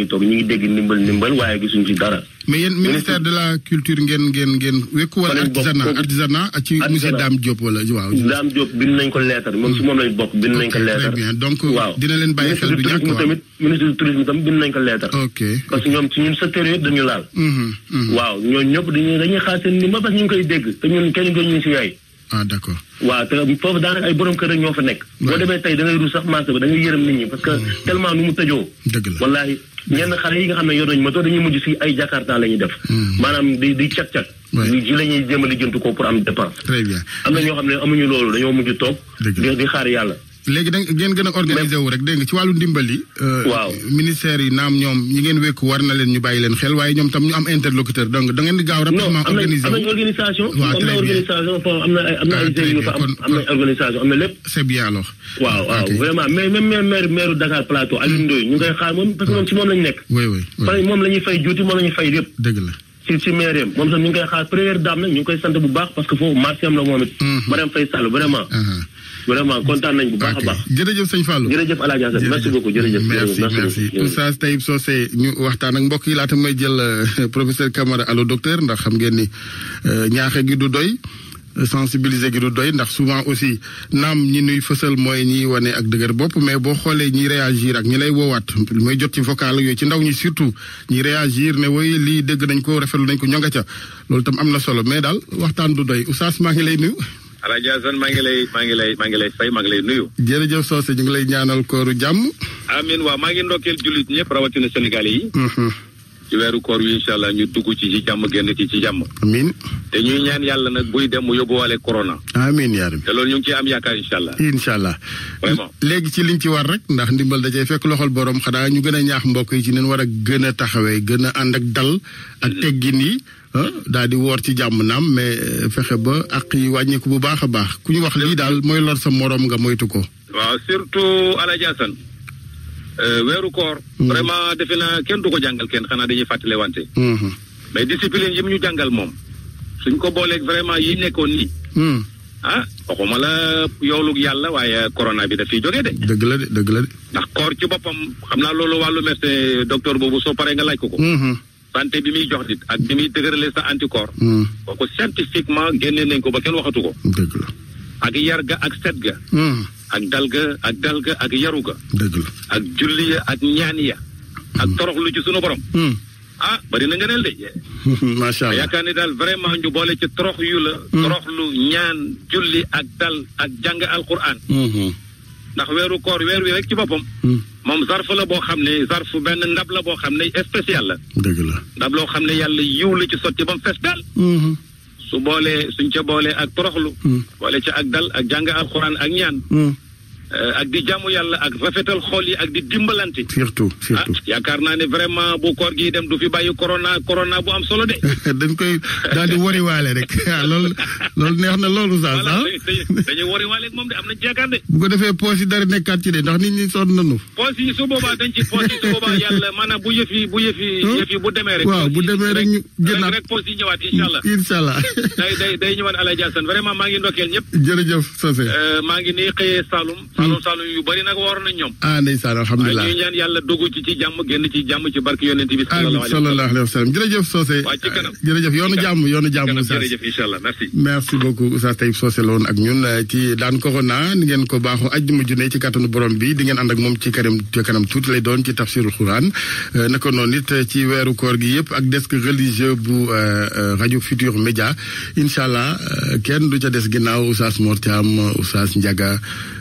ngi toog ñu ngi dégg ndimbal ndimbal waaye gisuñ ci dara. mais ministère de la culture ngeen ngeen ngeen wekku wala artisanat artisanat ci monsieur Dame Diop wala waaw. Dame Diop nañ ko leetar moom su moom lañ ko leetar. très parce que ñoom ci ñun secteur yëpp dañu laal. Mhm, mhm. waaw ñooñu ñëpp dañuy xaar seen ndimbal parce que ñu ngi koy dégg te ñun kenn doon ñu si yaay. ah d' waaw te foofu daanaka ay borom kër ñoo fa nekk. boo demee tey da ngay sax marché ñenn hmm. xale yi nga xam ne yor nañu moto dañuy mujj si ay jakarta la ñuy def. Hmm. maanaam di di cag cag. ji la ñuy jéem a lijjanti ko pour am dépense. très bien am na ñoo xam ne amuñu loolu dañoo mujj toog. di xaar yàlla. léegi da ngeen gën a organiser wu rek dégg nga ci wàllu ndimbal yi. Euh, waaw ministère yi naam ñoom ñi ngeen wékku war na leen ñu bàyyi leen xel waaye ñoom tam ñu am interlocuteur donc da di gaaw rapidement. organiser wu non am nañ organisation. waaw très bien am na organisation am na ay jeunes yu fa lépp. c' waaw waaw vraiment mais même maire Dakar Plateau Alioune Ndoye ñu ngi xaar moom parce que moom ci la ñu nekk. oui oui moom la fay juuti moom la fay lépp. dëgg la. ci ci mairie moom sax ñu koy xaar première dame nag ñu koy sant bu baax parce que foofu marché am la moom it. Mhm. Marème Faye Sall vraiment. Mhm. vraiment kontaan nañ bu baax a baax. jërëjëf sëñ Fallou jërëjëf El Hadj Assane merci beaucoup jërëjëf. merci merci Oustaz Taïb Socé ñu waxtaan ak mbokk yi laata may jël euh, professeur Camara allo docteur ndax xam ngeen ni euh, ñaaxe gi du doy. sensibiliser gi du doy ndax souvent aussi naam ñi nuy fësal mooy ñiy wane ak dëgër bopp mais boo xoolee ñi réagir ak ñi lay woowaat mooy jot ci vocal yooyu ci ndaw ñi surtout ñi réagir ne woy lii dégg nañ ko rafetlu nañ ko ñoo nga ca loolu tam am na solo mais daal waxtaan du doy Oustaz maa ngi lay nuyu. Alaaji Asan maa ngi lay maa ngi lay maa ngi lay fay maa ngi lay nuyu. jërëjëf Socé ñu ngi lay ñaanal kooru jàmm. amiin waaw maa ngi ndokkeel jullit ñëpp rawatina Sénégal yi. Mm-hmm. ci weeru ñaan yàlla nag buy dem mu yóbbuwaale corona. amiin yaa rabbi. te loolu ñu ngi am yaakaar incha allah. incha allah. vraiment léegi ci liñ ci war rek ndax ndimbal dajay fekk loxol borom xanaa ñu gën a ñaax mbokk yi ci neen war a gën a taxawee gën a ànd ak dal. ak teggin yi. Ah, daal di woor ci jàmm naam mais euh, fexe ba ak yi wàññeeku bu baax a baax ku ñu wax lii daal mooy lor sa moroom nga moytu ko. surtout Alaaji Euh, weeru koor. Mm. vraiment defe naa kenn du ko jàngal kenn xanaa dañuy fàttale wante. Mm-hmm. mais discipline yi mu ñu jàngal moom suñ ko booleeg vraiment yi nekkoon nii. Mm. ah waxuma la yoolug yàlla waaye corona bi daf fiy jógee de. dëgg la de dëgg la de. ndax koor ci boppam xam naa loolu wàllu médecin docteur boobu soo paree nga laaj ko ko. Mm-hmm. santé bi muy jox nit ak bi muy dëgërale sa anticorps. Mm. kooku scientifiquement génne nañ ko ba kenn waxatu ko. dëgg la ak yar ga ak set ga. ak dal ga ak dal ga ak yaru ga dëgg la ak julli ya ak ñaan ya ak hmm. toroxlu ci sunu borom hmm. ah bari na ngëneel de macha allah yaakaar ni daal vraiment ñu boole ci torox yu la hmm. toroxlu ñaan julli ak dal ak jàng alquran ndax weeru koor weer wi rek ci boppam moom zarf la boo xam ne zarf benn ndab la boo xam ne spécial la dëgg la ndab loo xam ne yàlla yiw la ci sotti ba mu fees daal su boolee suñ ca boolee ak toroxlu mm. boole ca ak dal ak jàng alxuraan ak ñaan mm. Euh, ak di jaamu yàlla ak rafetal xol yi ak di dimbalante. surtout ah, surtout yaakaar naa ne vraiment bu koor gi dem du fi bàyyi corona corona bu am solo de. dañ koy daal di wariwaale rek ah, loolu loolu neex na loolu sax ah. dañuy wariwaale moom de am na jaakaar de. bu ko defee poos yi dara nekkaat ci de ndax nit ñi sonn nañu. poos yi su boobaa dañ ci poos yi su boobaa yàlla maanaam bu bu yëf yi. yëf yi bu demee rek. waaw bu demee rek ñu gënaat rek poos yi ñëwaat incha allah. day day ñëwaat El maa ngi ndokkeel ñëpp. Saalum hmm. Saalum yu bari nag war nañ ñoom. ah ndeysaan alhamdulilah ñuy yàlla dogu ci ci jàmm génn ci jàmm ci barke yonent bi. sallallahu alayhi wa sallam jërëjëf Socé. waa ci kanam ah, jërëjëf yoonu jàmm yoonu jàmm. Oustaz jërëjëf incha allah merci. merci beaucoup Oustaz Taïb Socé la ak ñun eh, ci daan corona ni ngeen ko baaxoo ajjuma ju ne ci kàttanu borom bi di ngeen ànd ak moom ci kanam ci kanam tuuti lay doon ci tafsirul Quran eh, naka noonu it eh, ci weeru koor gi yëpp ak desk religieux bu rajo Futur Média incha allah kenn du ca des ginnaaw Oustaz Mor Thiam Oustaz Ndiaga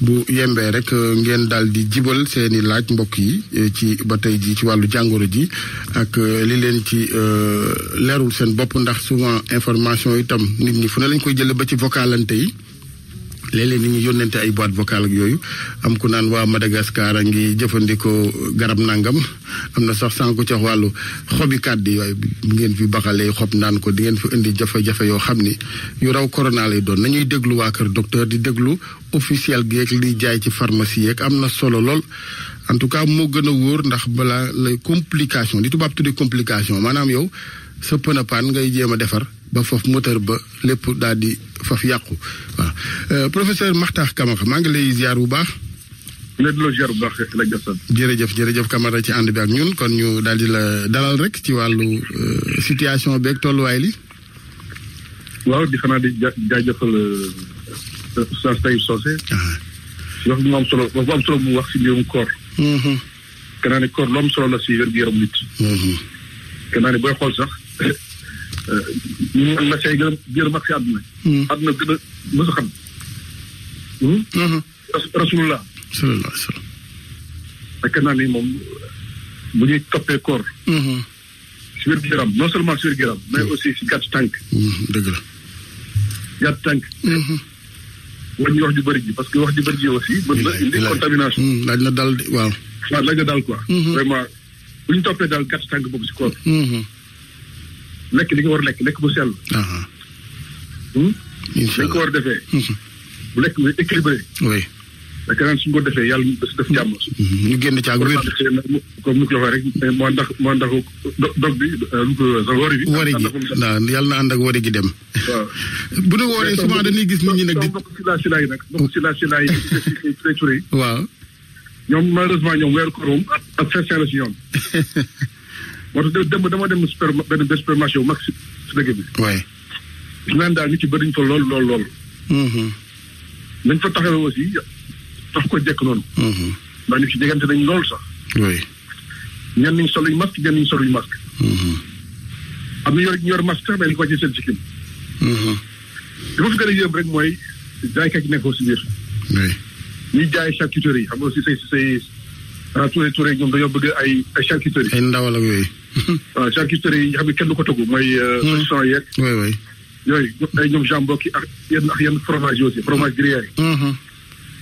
bu yembee rek euh, ngeen daal di jibal seeni laaj mbokk yi euh, ci ba tey ji ci wàllu jàngoro ji ak euh, li leen ci leerul seen bopp ndax souvent information itam nit ñi fu ne lañ koy jëlee ba ci vocalante yi léeg-léeg ni ñu yónnante ay boite vocale ak yooyu am ku naan waa Madagascar a ngi jëfandikoo garab nangam am na sax sànku ci wàllu xobi kàddu yooyu bu ngeen fi baxalee xob naan ko di ngeen fi indi jafe-jafe yoo xam ni yu raw corona lay doon nañuy déglu waa kër docteur di déglu officiel geeg liy jaay ci pharmacie yeeg am na solo lool en tout cas moo gën a wóor ndax balaa lay complication di tubaab tudde complication maanaam yow sa pën paan ngay jéem a defar ba foofu moteur ba lépp daal di faf yàqu waaw euh, professeur Makhtar Kamara maa ngi lay ziar bu baax. jërëjëf jërëjëf Kamara ci ànd bi ak ñun kon ñu daal di la dalal rek ci wàllu euh, situation beeg tolluwaay li. waaw di xanaa di jaajëfal euh, Oustaz Taïb Socé. Ah. wax bu am solo wax bu am solo bu wax si mm-hmm. am solo la si wér-gu-yaram nit. gannaaw mm-hmm. ne booy xool sax. man na say gërëm gërëm ak si àdduna hmm. àdduna gën a mësu xam hmm? Hmm. rasulullah sallallahu naa ni moom bu ñuy toppee koor si wér giram non seulement si wér giram mais aussi si gàtt tànk dëgg la gàtt tànk wañ wax ju bari ji parce que wax ju bari ji aussi mën na indi contamination laaj na dal waaw laaj na dal quoi vraiment bu ñu toppee daal gàtt tànk boobu si koor lekk li nga war lekk lekk bu sell. Hmm? incha allah ko war mhm. bu lekk bu équilibré. oui. parce suñ ko defee yàlla daf def mhm. ñu génn caa wér. comme ni euh, ko waxee rek moo ndax na ànd ak wari dem. bu ñu wooree souvent dañuy gis nit ñi nag. di bokk si laa si waaw. moo tax dem dama dem super benn benn supermarché bu mag si si dëkk bi. waay. gis naan daal nit ci bëriñ fa lool lool lool. Mm-hmm. nañ fa taxawee aussi tax ko jekk noonu. Mm-hmm. ndax nit ci jegante nañ lool sax. ñan waay. sol ñi soluñ masque ñenn ñi soluñ masque. Mm-hmm. am na yor yor masque sax dañu ko ci seen sikkim. li ma fi gën a yëm rek mooy jaaykat yi nekkoo si biir. waay. ñuy jaay charcuterie yi xam nga aussi say say. ah Touré Touré ñoom dañoo bëgg ay ay charcuterie. ay ndawal ak yooyu. waaw euh, charcuterie yi nga yi ne kenn du ko togg mooy. saucisson euh, hmm. yeeg. oui oui. yooyu ay ñoom jambon ki ak yenn ak yenn fromage yi hmm, hmm.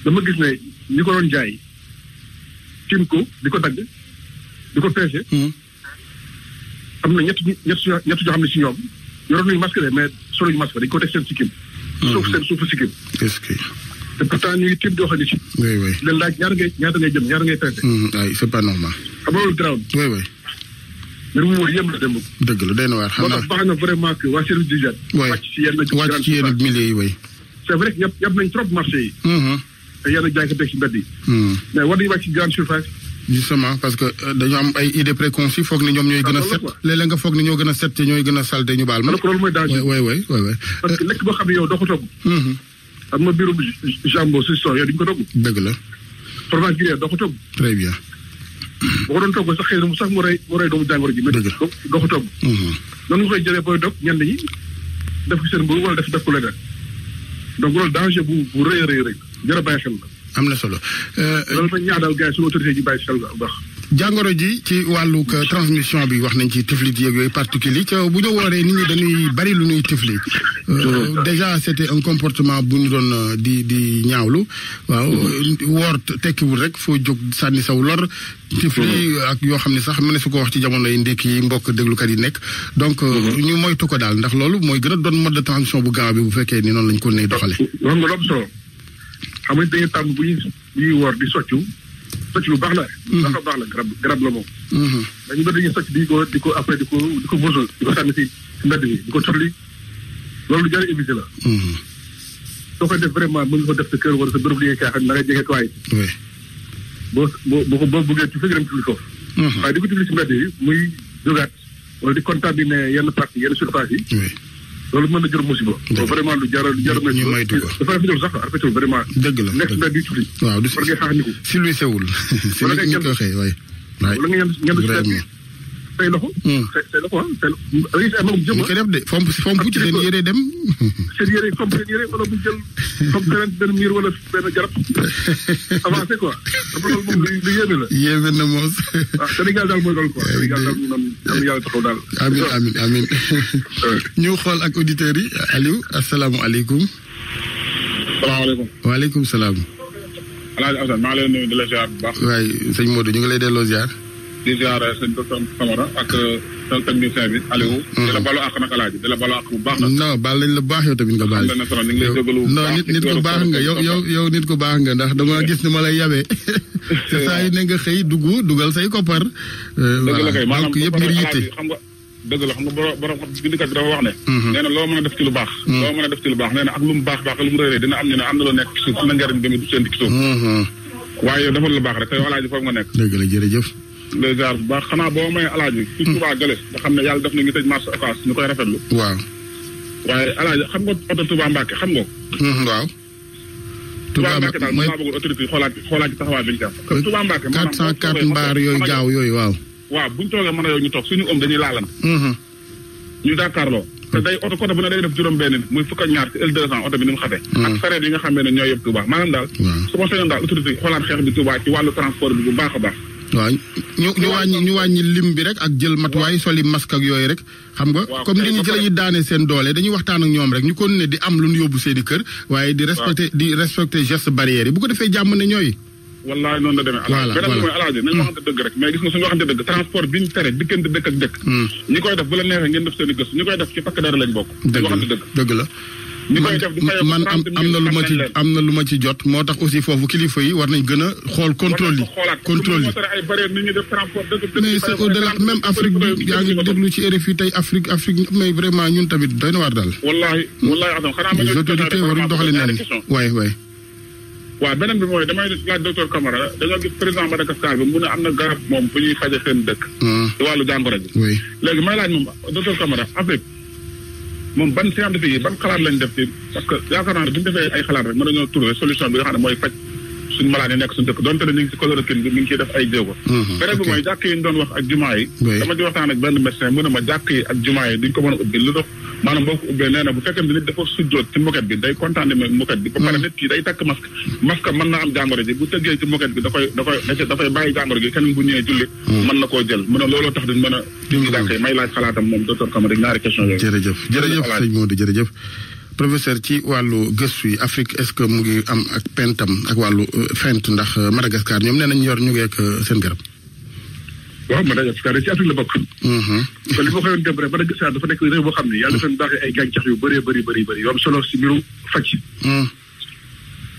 dama gis ne ñi ko doon jaay. tiim ko di ko dagg di ko peese. am na ñetti ñetti ñetti ñoo xam ne si ñoom yoroon nañu masque de mais soluñu masque dañu ko teg seen sikkim. suuf seen suufu ngay jëm ñaar ngay peese. ay c'est pas normal. xam nga li mu wër yem la dem. dëgg la day na waar xam naa baax na vraiment que waa service d'hygiène. wàcc que yab yab nañ trop marché yi. Mm-hmm. te mm-hmm. euh, foog ni ñoom ñooy gën a ah, set léeg ñoo gën set ñooy gën a salte ñu baal ma ah, loolu mooy danger euh, boo xam ne yow doo ko togg mm-hmm. am na biirum jambon si son ko togg dëgg la fromage doo ko togg très bien bu ko doon togg sax xëy mu sax mu rey mu rey doomu jàngoro ji. dëgg la doo ko togg. Mhm. noonu nga koy jëlee booy dog ñenn ñi def ko seen mburu wala def def ko leneen donc loolu danger bu bu rëy a rëy rëy jar a bàyyi xel la. am na solo. Euh, loolu nag ñaar daal gars yi suñu autorité yi bàyyi xel bu baax. jangoro ji ci walu euh, transmission bi wax nañ ci tiflit yeeg ak yoy particulier ca bu ñu nit ñi dañuy bari lu ñuy tifli euh, mm. déjà c'était un comportement buñu ñu euh, di di ñaawlu waaw mm. wor tekki tekkiwul rek fo jog sanni saw lor tifli mm. ak yo xamni sax mu ne su ko wax ci jamono yi ndékk yi mbokk déglukat yi nekk donc mm-hmm. ñu moytu ko dal ndax loolu moy gëna a doon mode de transmission bu gaaw bi bu fekkee ni non lañ ko ne doxale loolu nga loolu solo xam nga dañuy tàmm bu ñuy woor di soccu socc lu baax la. Mhm. lu baax a baax la garab garab la moom. Mhm. dañu bëri dañuy socc di ko di ko après di ko di ko bosol di ko sànni si si mbedd bi di ko tolli loolu lu jar a la. Mhm. soo koy def vraiment mën nga ko def sa kër wala sa bërëb liggéey xam na ngay jege boo boo boo boo bëggee ci fekk dem ci lu ko. waaye di ko jublu si mbedd yi muy jógaat wala di contaminé yenn parties yenn surfaces yi. loolu mën na jur musiba. vraiment lu jar lu a. ñu moytu ko dafa am sax rafetul vraiment. dëgg la nekk na di tuuti. waaw du si war ngay xaaxandiku. si say loxo. de fomp fomp ci seen bu jël fomp beneen benn na moos. ah Sénégal ñu xool ak auditeurs yi Aliou asalaamualeykum. salaamaaleykum. waaleykum salaam. El Hadj ngi lay nuyu di la ñu ngi lay delloo di ziara sëñ docteur Samara ak sa technicien bi Aliou di la balu ak nak alaaji di balu ak bu baax nag non bal lañ la baax yow tamit nga baal non nit nit ku baax nga yow yow yow nit ku baax nga ndax dama gis ni ma lay yabee te saa ne nga xëy dugg dugal say koppar euh, dëgg la kay maanaam yëpp ngir yitte xam nga dëgg la xam nga borom bindikat bi dafa wax ne hmm. nee na loo def ci lu baax hmm. loo mën def ci lu baax ak lu baax baax lu mu dina am ñu am na nekk ci na bi mu ci baax rek nga nekk la jërëjëf lay jaar bu baax xanaa boo may alaaji ci hmm. Touba Gale nga xam ne yàlla def na ngi tëj marché Ocass ñu koy rafetlu waaw waaye alaaji xam nga oto Touba Mbacke xam nga hmm, waaw Touba Mbacke daal maa bëggoon autorité yi xoolaat xoolaat ci taxawaay bi ñu jàpp comme Touba Mbacke 404 mbaar yooyu gaaw yooyu waaw waaw buñ toogee mën a yow ñu toog suñu om dañuy laalan hmm, ñu jàkkaarloo te day oto côté bu ne day def juróom benn nit muy fukk ak ñaar ci L200 oto bi ni mu xate ak sareet yi nga xam ne ñooy yëpp Touba maanaam daal su ma sañoon daal autorité xoolaat xeex bi Touba ci wàllu transport bi bu baax a baax waaw ñu ñu wàññi ñu wàññi lim bi rek ak jël matuwaay soli masque ak yooyu rek xam nga comme ni ñu ci la daane seen doole dañuy waxtaan ak ñoom rek ñu kon ne di am lu ñu yóbbu seen i kër waaye di respecté di respecté geste barrière bu ko defee jàmm ne ñooy wallaay noonu la demee alaaji beneen mooy alaaji nañu waxante dëgg gis nga suñu waxante dëgg transport bi ñu tere diggante dëkk ak dëkk hmm. ñi koy def bu la neexee ngeen def seen i gëstu koy def ci pakk dara lañ bokk dëgg la man am na lu ma ci am na lu ma ci jot moo tax aussi foofu kilifa yi war nañ gën a xool contrôle yi contrôle yi mais c'est au delà même Afrique bi yaa ngi déglu ci RFI tey Afrique Afrique may vraiment ñun tamit doy na waar daal les autorités waruñ doxali neen waay waay waaw beneen bi mooy damay laaj docteur Camara dañoo gis président Madagascar bi mu ne am na garab moom bu ñuy faje seen dëkk ah. wàllu jàngoro ji léegi may laaj moom docteur Camara Afrique moom ban scientifique yi ban xalaat lañ def ci parce que yaakaar naa ne bu defee ay xalaat rek mën nañoo solution bi nga xam ne faj suñu malaan yi nekk suñu dëkk donte ne ñu ngi si chloroquine bi mi ngi ciy def ay jéego mm-hmm. beneen bi yi ñu doon wax ak jumaa yi dama di waxtaan ak benn médecin mu ne ma ak jumaa yi duñ a ko mm-hmm. am jàngoro ji bu tëggee ci moquette bi da koy da koy dafay bàyyi mm-hmm. jël mu ne looloo tax duñ mën a duñ jàkk yi may laaj xalaatam moom docteur professeur ci wàllu gëstu yi Afrique est-ce que mu ngi am ak pentam ak wàllu euh, fent ndax euh, Madagascar ñoom nee nañ yor ñu ngeek euh, seen garab. waaw Madagascar ci Afrique la bokk. Mm-hmm. te li ma koy dem dafa nekk réew boo xam ne yàlla dafa baaxee ay gàncax yu bëree bëri bëri bëri yoo am solo si mbiru faj. Mm.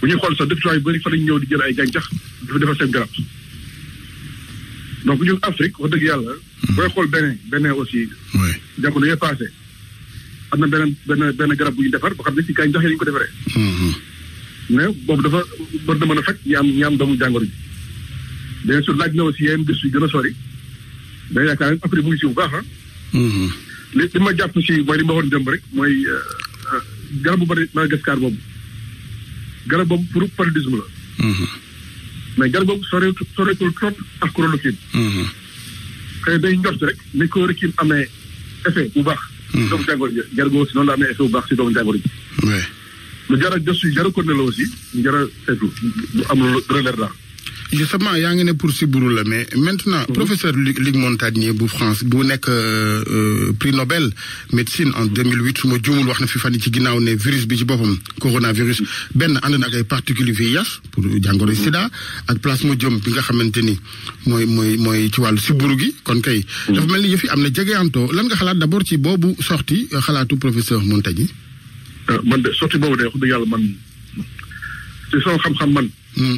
bu ñuy xool sax docteur yu bëri fa lañ ñëw di jël ay gàncax dafa defal seen garab donc ñun Afrique wax dëgg yàlla. Mm. booy xool beneen beneen aussi. jamono yee passé. am na benn benn benn garab bu ñu defar boo xam ne si kañ joxe ñu ko defaree. mais boobu dafa war na mën a faj ñi am ñi am doomu jàngoro ji. bien sûr laaj na aussi yeneen gëstu yu gën a sori mais yaakaar ne après mu ngi si bu baax ah. li li ma jàpp si mooy li ma waxoon jëmb rek mooy eh, eh, garabu bari Madagascar boobu garab boobu pour paludisme la. Hmm, hmm. mais garab boobu soreetul soreetul trop ak chloroquine. xëy hmm, day njort rek ni chloroquine amee effet bu baax. Mmh. doomu jàngoro ji jaragoo si noonu la amee effet baax si doomu jàngoro ji. lu jar a gëstu jar a ko ne la aussi jar a seetlu am lu relève justement yaa ngi ne pour Sibourou la mais maintenant mhm. professeur Luc Montagnier bu France bu nekk euh, euh, prix Nobel médecine en 2008 su ma juumul wax na fi fan ci ginnaaw ne virus bi ci boppam coronavirus benn ànd na ak ay particules VIH pour jàngoro sida mhm. ak plasma plasmodium bi nga xamante ni mooy mooy mooy ci wàllu Sibourou gi kon kay mhm. dafa mel ni yëf yi am na jegeyantoo lan nga xalaat d'abord ci boobu sorti euh, xalaatu professeur Montagnier man de sorti boobu de wax dëgg yàlla man ci sama xam-xam man hmm.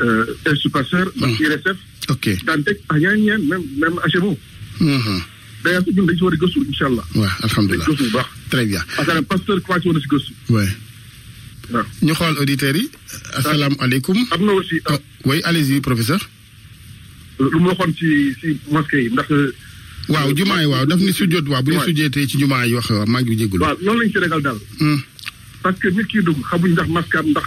uh, eh, El eh, Supaseur, hmm. mmh. IRSF, okay. Dantec, Ayanyan, même, même HMO. Mmh. D'ailleurs, c'est une région de Gossou, Inch'Allah. Ouais, Alhamdulillah. Gossou, bah. Très bien. Parce qu'un pasteur croit qu'on est Gossou. Ouais. ñu xool auditeurs yi asalaamaaleykum am na aussi oui oh, allez-y professeur lu mu waxoon ci ci mosquée yi ndax waaw jumaa yi waaw daf ni sujjot waaw bu ñu sujjeetee ci jumaa yi wax waaw ngi waaw loolu lañ parce que nit xamuñ ndax masque ndax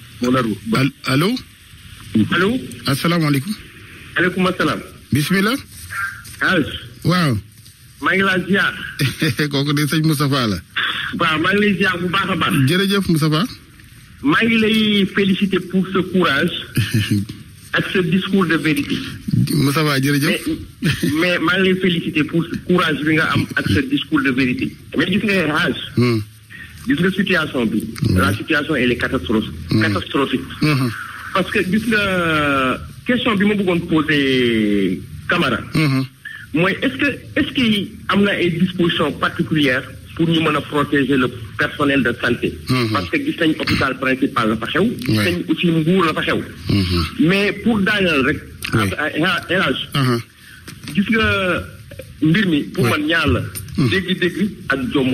Allô Allô allo asalaamaaleykum aleykum assalam. bismillah Ah. waaw maa ngi laa ziar kooku de sëñ Moustapha la waaw maa ngi ziar bu baax a baax jërëjëf Moustapha maa lay féliciter pour ce courage ak ce discours de vérité Moustapha jërëjëf mais maa lay féliciter pour ce courage bi nga am ak ce discours de vérité mais gis nga xaaj hmm gis nga situation bi. Mm-hmm. la situation elle est mm-hmm. catastrophique. catastrophique. Mm-hmm. parce que gis nga question bi ma bëggoon poser Camara. mooy est-ce que est-ce que am na ay dispositions particulières pour ñu mën a protéger le personnel de santé. parce que gis nañ hôpital principal la fa xew. gis nañ aussi Mbour la fa xew. mais pour daaneel rek. élage gis nga mbir mi pour man ñaar la. dégg-dégg ak jomb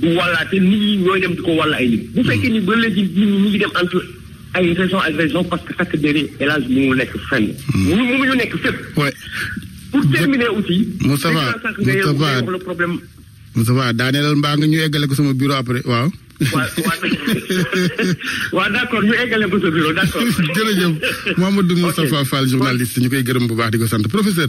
du wallaate nit ñi ñooy dem di ko walla ay nit. bu fekkee ni ba léegi nit ñi ñu ngi dem entre ay région ak région parce que chaque dernier élage mu ngi nekk fenn. Hmm. mu mu mu ñu nekk mbaa nga ñu eggale ko sama bureau après waaw. waaw waaw d' accord ñu eggale ko sa bureau d' accord. jërëjëf Mamadou Moustapha Fall journaliste ñu koy gërëm bu baax di ko sant professeur.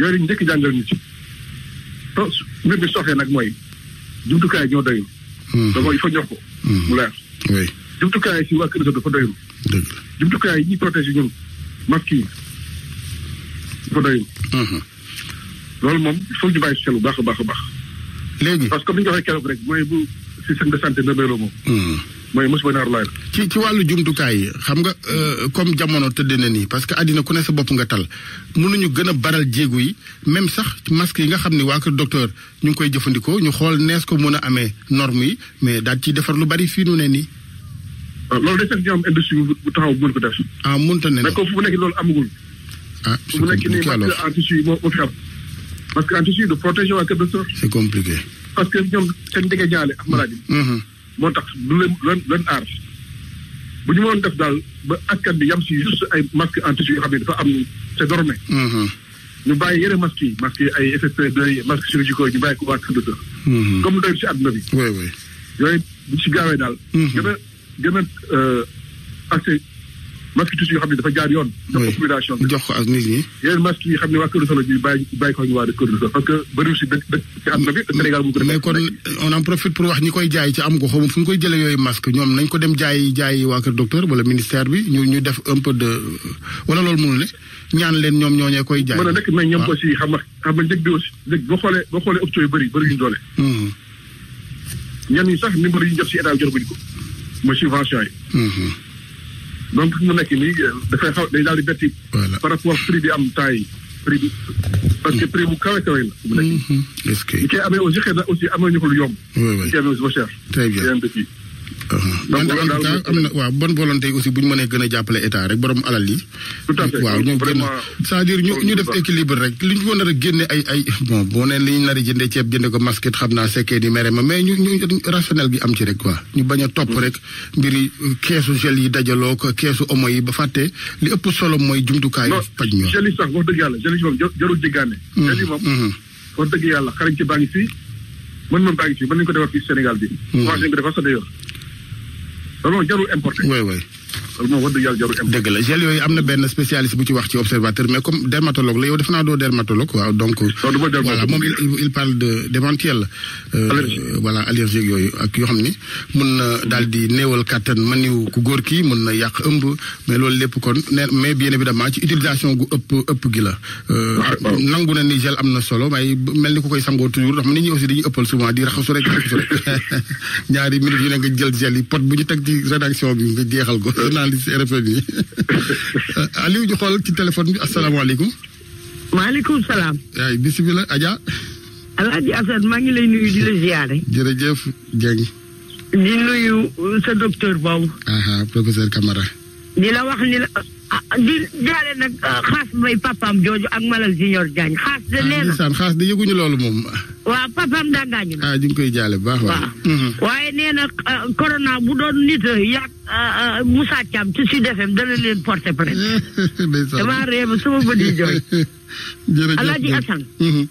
yooyu lañu njëkk jàngal nit ci to oh, mbir bi soxee nag mooy jumtukaay ñoo doyul da hmm. mooy il faut ñox ko hmm. mu leer jumtukaay si waa kër sa dafa doyul jumtukaay yi isso protéger ñun masque yi dafa doyul hmm. loolu moom il faut ñu bàyyi xel bu baax a baax a baax léegi parce que comme ni ñu waxee keroog rek mooy bu système de santé ndëmbeeloo moom mooy mos ba naaru laay ci ci wàllu jumtukaay yi xam nga euh, comme jamono tëdd na nii parce que adina ku ne sa bopp nga tal mënuñu gën a baral jéegu yi même sax masque yi nga xam ni waa kër docteur ñu ngi koy jëfandikoo ñu xool nees ko mën a amee norme yi mais daal ci defar lu bari fii nu ne nii. Ah, loolu day fekk ñu am industrie bu taxaw bu mën ko def. ah mënut a ne mais fu nekk loolu amagul. ah fu mu nekk nii masque en tissu moo fi am. masque en tissu de protéger waa kër docteur. c'est compliqué. parce que ñoom seen dëgg jaale ak maladie. Mm-hmm. moo tax du leen leen leen aar bu ñu mënoon def daal ba askan bi yam si juste ay masque en tissu yoo xam ne c'est dormé. Mhm. ñu bàyyi yene masques yi masques yi ay FFP2 yi masques chirurgicaux yi ñu bàyyi ko waa Kër Docteur. Mhm. comme doyul si àdduna bi. oui oui yooyu bu si gaawee daal. Mhm. gën a gën euh, masque tous yoo xam ne dafa jaar yoon. oui population bi jox ko ak nit ñi. yeneen yi xam ne waa Kër Solo bi bàyyi ko ñu waa Kër Solo parce que bëriwul si dëkk si a. mais kon on am ko xaw ma fu ko dem jaay jaayi waa Kër Docteur wala ministère bi ñu ñu def un peu de wala loolu mënu ne ñaan leen ñoom ñooñee koy. jaay mën na nekk mais ñoom aussi xam nga xam nga njëg bi aussi njëg boo xoolee boo xoolee option yu bëri doole. Hmm. ñenn ñi sax numéro yi ñu def si état buñ ko mooy donc fi mu nekk nii euh, dafay xaw day daal di betti. par rapport prix bi am temps yi prix bi parce que prix bu kawe kawe la. mu nekk nii. Mm-hmm. est-ce que ñu koy amee na aussi amee ñu ko lu yomb. oui oui ñu koy amee aussi ba cher. Euh, donc daal am na waaw ban volonté yi aussi bu ñu mënee gën a jàppale état rek borom alal yi. tout à fait waaw ñu gën a cest à ñu def équilibre rek li ñu ko nar a génne ay ay. bon boo nee li ñu nar jënde ceeb jënde ko masket xam naa sekkee di mere ma mais ñu ñu rationnel gi am ci rek quoi. ñu bañ a topp rek mbiri keesu gel yi dajaloo ko keesu omo yi ba fàtte li ëpp solo mooy jumtukaay. faj ñu gel yi sax wax dëgg yàlla gel yi moom jarul jéggaane. Mm-hmm, gel yi moom mm-hmm. wax dëgg yàlla xarañ ci baa ngi fii mën mën ko defar fii Sénégal bi. commencé mm-hmm. nañu ko defar sa yor Wait, yo lo importé. moom wax dëgg yàlla jarul dëgg la gel yooyu am na benn spécialiste bu ci wax ci observateur mais comme dermatologue la yow def naa doo dermatologue waaw donc moom il parle de d'éventuel euh, voilà allergie yooyu ak yoo xam ni mun na daal di néewal kàttan maniw ku góor kii mun na yàq ëmb mais loolu lépp kon ne mais bien évidemment ci utilisation gu ëpp ëpp gi la euh, ah, nangu na ni gel am na solo waaye mel ni ku koy sangoo toujours ndax nit ñi aussi dañuy ëppal souvent di raxasu rek raxasu rek ñaari minutes yu ne nga jël yi pot bu ñu teg ci rédaction bi nga jeexal journaliste RFM yi Aliou ñu xool ci téléphone bi asalaamaaleykum. maaleykum salaam. waay bisimilah Adja. Alaaji maa ngi lay nuyu di la ziare. jërëjëf Dieng. di nuyu sa docteur boobu. professeur Camara. di la wax ni la ah, di jaale nag ah, xaas may papaam jooju ak Malal Junior Diagne xaas de ah, nee na. xaas de yëguñu loolu moom. waaw papam daa gaañu na. ah ñu ngi koy jaale bu baax waaw. Mm-hmm. waaye nee na ah, corona bu doon nit yaag ah, ah, Moussa Thiam ci Sud FM dana leen porter plainte. damaa réew sama bët yi jooy. jërëjëf Alaaji Assane. Mm-hmm.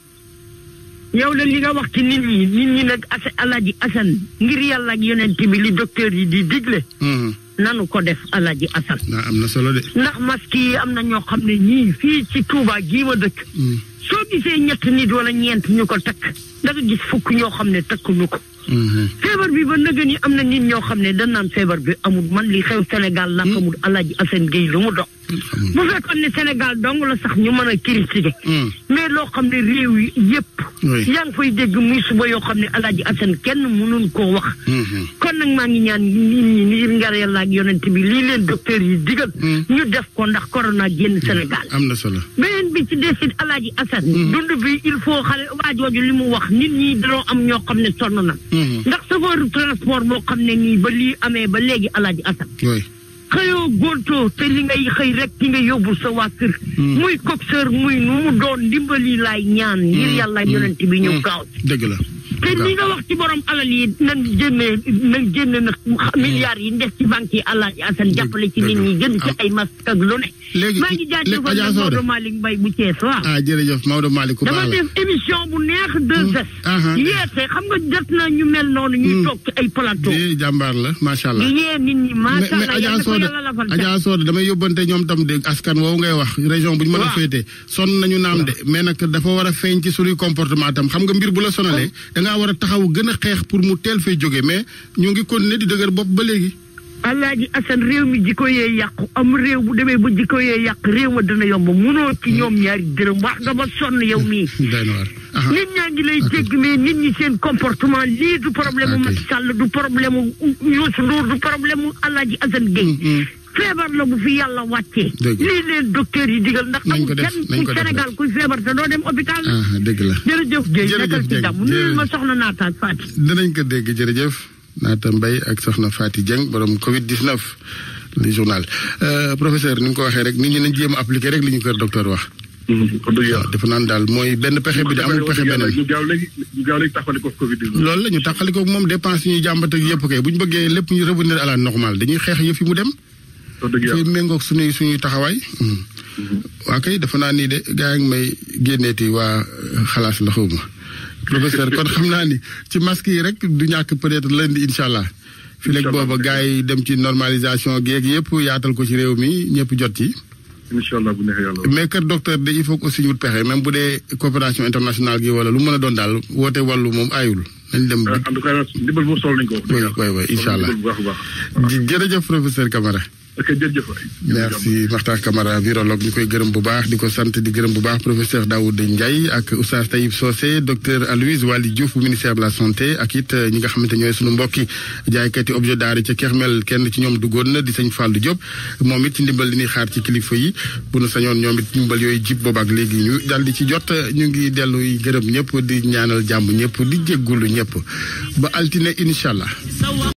yow la li nga wax ci nit ñi nit ñi nag as Alaaji Assane ngir yàlla ak yonent bi li docteur yi di digle. Mm-hmm. nanu ko def Alaaji Assane. na am na solo de. ndax maski yi am na ñoo xam ne ñii fii ci Touba gii ma dëkk. Mm. soo gisee ñett nit wala ñeent ñu ko takk. da nga gis fukk ñoo xam ne takkuñu ko. Mhm. feebar bi ba nëgë ni am na nit ñoo xam ne dañ naan feebar bi amul man li xew Sénégal la mhm. xamul Alaaji Assane Gueye lu mu dox. bu fekkoon ne Sénégal dong la sax ñu mën a critiquer. Mhm. mais loo xam ne réew yi yëpp. yaa ngi fay dégg muy suba yoo xam ne alaaji asan kenn mënuñ koo wax mhm. kon nag maa ngi ñaan nit ñi ngir ngar yàlla ak bi lii leen docteur yi digal mhm. ñu def ko ndax corona génn Sénégal am na solo beneen bi ci desit alaaji asan mhm. dund bi il faut xale waajooju li mu wax nit ñi danoo am ñoo xam ne sonn na ndax chauffeur transport boo xam ne nii ba lii amee ba léegi alaaji asan xëyoo góntoo te li ngay xëy rek ki nga yóbbul sa waa kër mm. muy coxeur muy nu mu doon dimbali laay ñaan ngir mm. yàlla mm. yonent bi ñu gaaw dëgg la te li nga wax ci borom alal yi nan génne nan génne nag milliards yi def ci banque yi allah yi asan jàppale ci nit ñi jënd ci ah. ay masque ak lu ne maa ngi jaajëfal Maodo Malick Mbaye bu Thiès waaw ah jërëjëf Maodo Malick dama def émission bu neex deux mm. heures yeete xam nga jot na ñu mel noonu ñuy mm. toog ci ay plateau jàmbaar la macha allah di nit ñi macha allah yàlla ko yàlla lafal Adja Soda damay yóbbante ñoom tam de askan woowu ngay wax région bu ñu mën a féete sonn nañu naam de mais nag dafa war a feeñ ci suñuy comportement tam xam nga mbir bu la sonalee da nga dangaa war a taxaw gën a xeex pour mu teel fay jóge mais ñoo ngi continuer di dëgër bopp ba léegi. Alaaji Assane réew mi jikko yee yàqu am réew bu demee ba jikko yee yàq réew ma dana yomb munoo ci ñoom ñaari dërëm wax nga ba sonn yow mii. nit ñaa ngi lay dégg mais nit ñi seen comportement lii du problème mu Macky Sall du problème mu Youssou Ndour du problème mu ji Assane Gueye. feebar la bu fi yàlla wàcce lii leen docteur yi digal ndax amul kenn ku Sénégal kuy feebar te doo dem hôpital ah, dëgg la jërëjëf Guèye nekkal ci jàmm nuyul ma soxna Naata Fati dinañ ko dégg jërëjëf Naata Mbaye ak soxna Fati Dieng borom Covid 19 li journal euh, professeur ni nga ko waxee rek nit ñi nañ jéem a appliqué rek li ñu kër docteur wax mm-hmm. waaw dafa naan daal mooy benn pexe bi de amul pexe beneen covid loolu la ñu taxalikoo moom dépense yi ñuy jàmbat ak yëpp kay bu bëggee lépp ñu revenir à la dañuy xeex yëf yi mu dem fi méngoog suñuy suñuy taxawaay mm-hmm. waa kay dafa naa nii de gaa ngi may génnee génneeti waa euh, xalaas la xaw ma professeur kon xam naa ni ci masque yi rek du ñàkk peut-être lundi incha allah fi léegi booba gaa yi dem ci normalisation géeg yëpp yaatal ko ci réew mi ñëpp jot ci incha allah bu neexee yàlla mais kër docteur de il faut que aussi ñu wut pexe même bu dee coopération internationale gi wala lu mën a doon daal woote wàllu moom ayul. nañ dem euh, en tout cas ndimbal boobu sol nañ ko. oui oui incha allah jërëjëf professeur Camara. ok jërëjëf merci Makhtar Camara virologue ñu koy gërëm bu baax di ko sant di gërëm bu baax professeur Daoud Ndiaye ak Oustaz Taïb Socé docteur Aloyse Waly Diouf bu ministère de la santé ak it euh, ñi nga xamante ñooy suñu mbokki jaaykati objet d'art ca Kermel kenn ci ñoom duggoon na di sëñ Fallou Diop moom it ci ndimbal li ñuy xaar ci kilifa yi bu nu sañoon ñoom it ndimbal yooyu jib boobaak léegi ñu daal di ci jot ñu ngi delluy gërëm ñëpp di ñaanal jàmm ñëpp di jéggulu ñëpp ba altine incha allah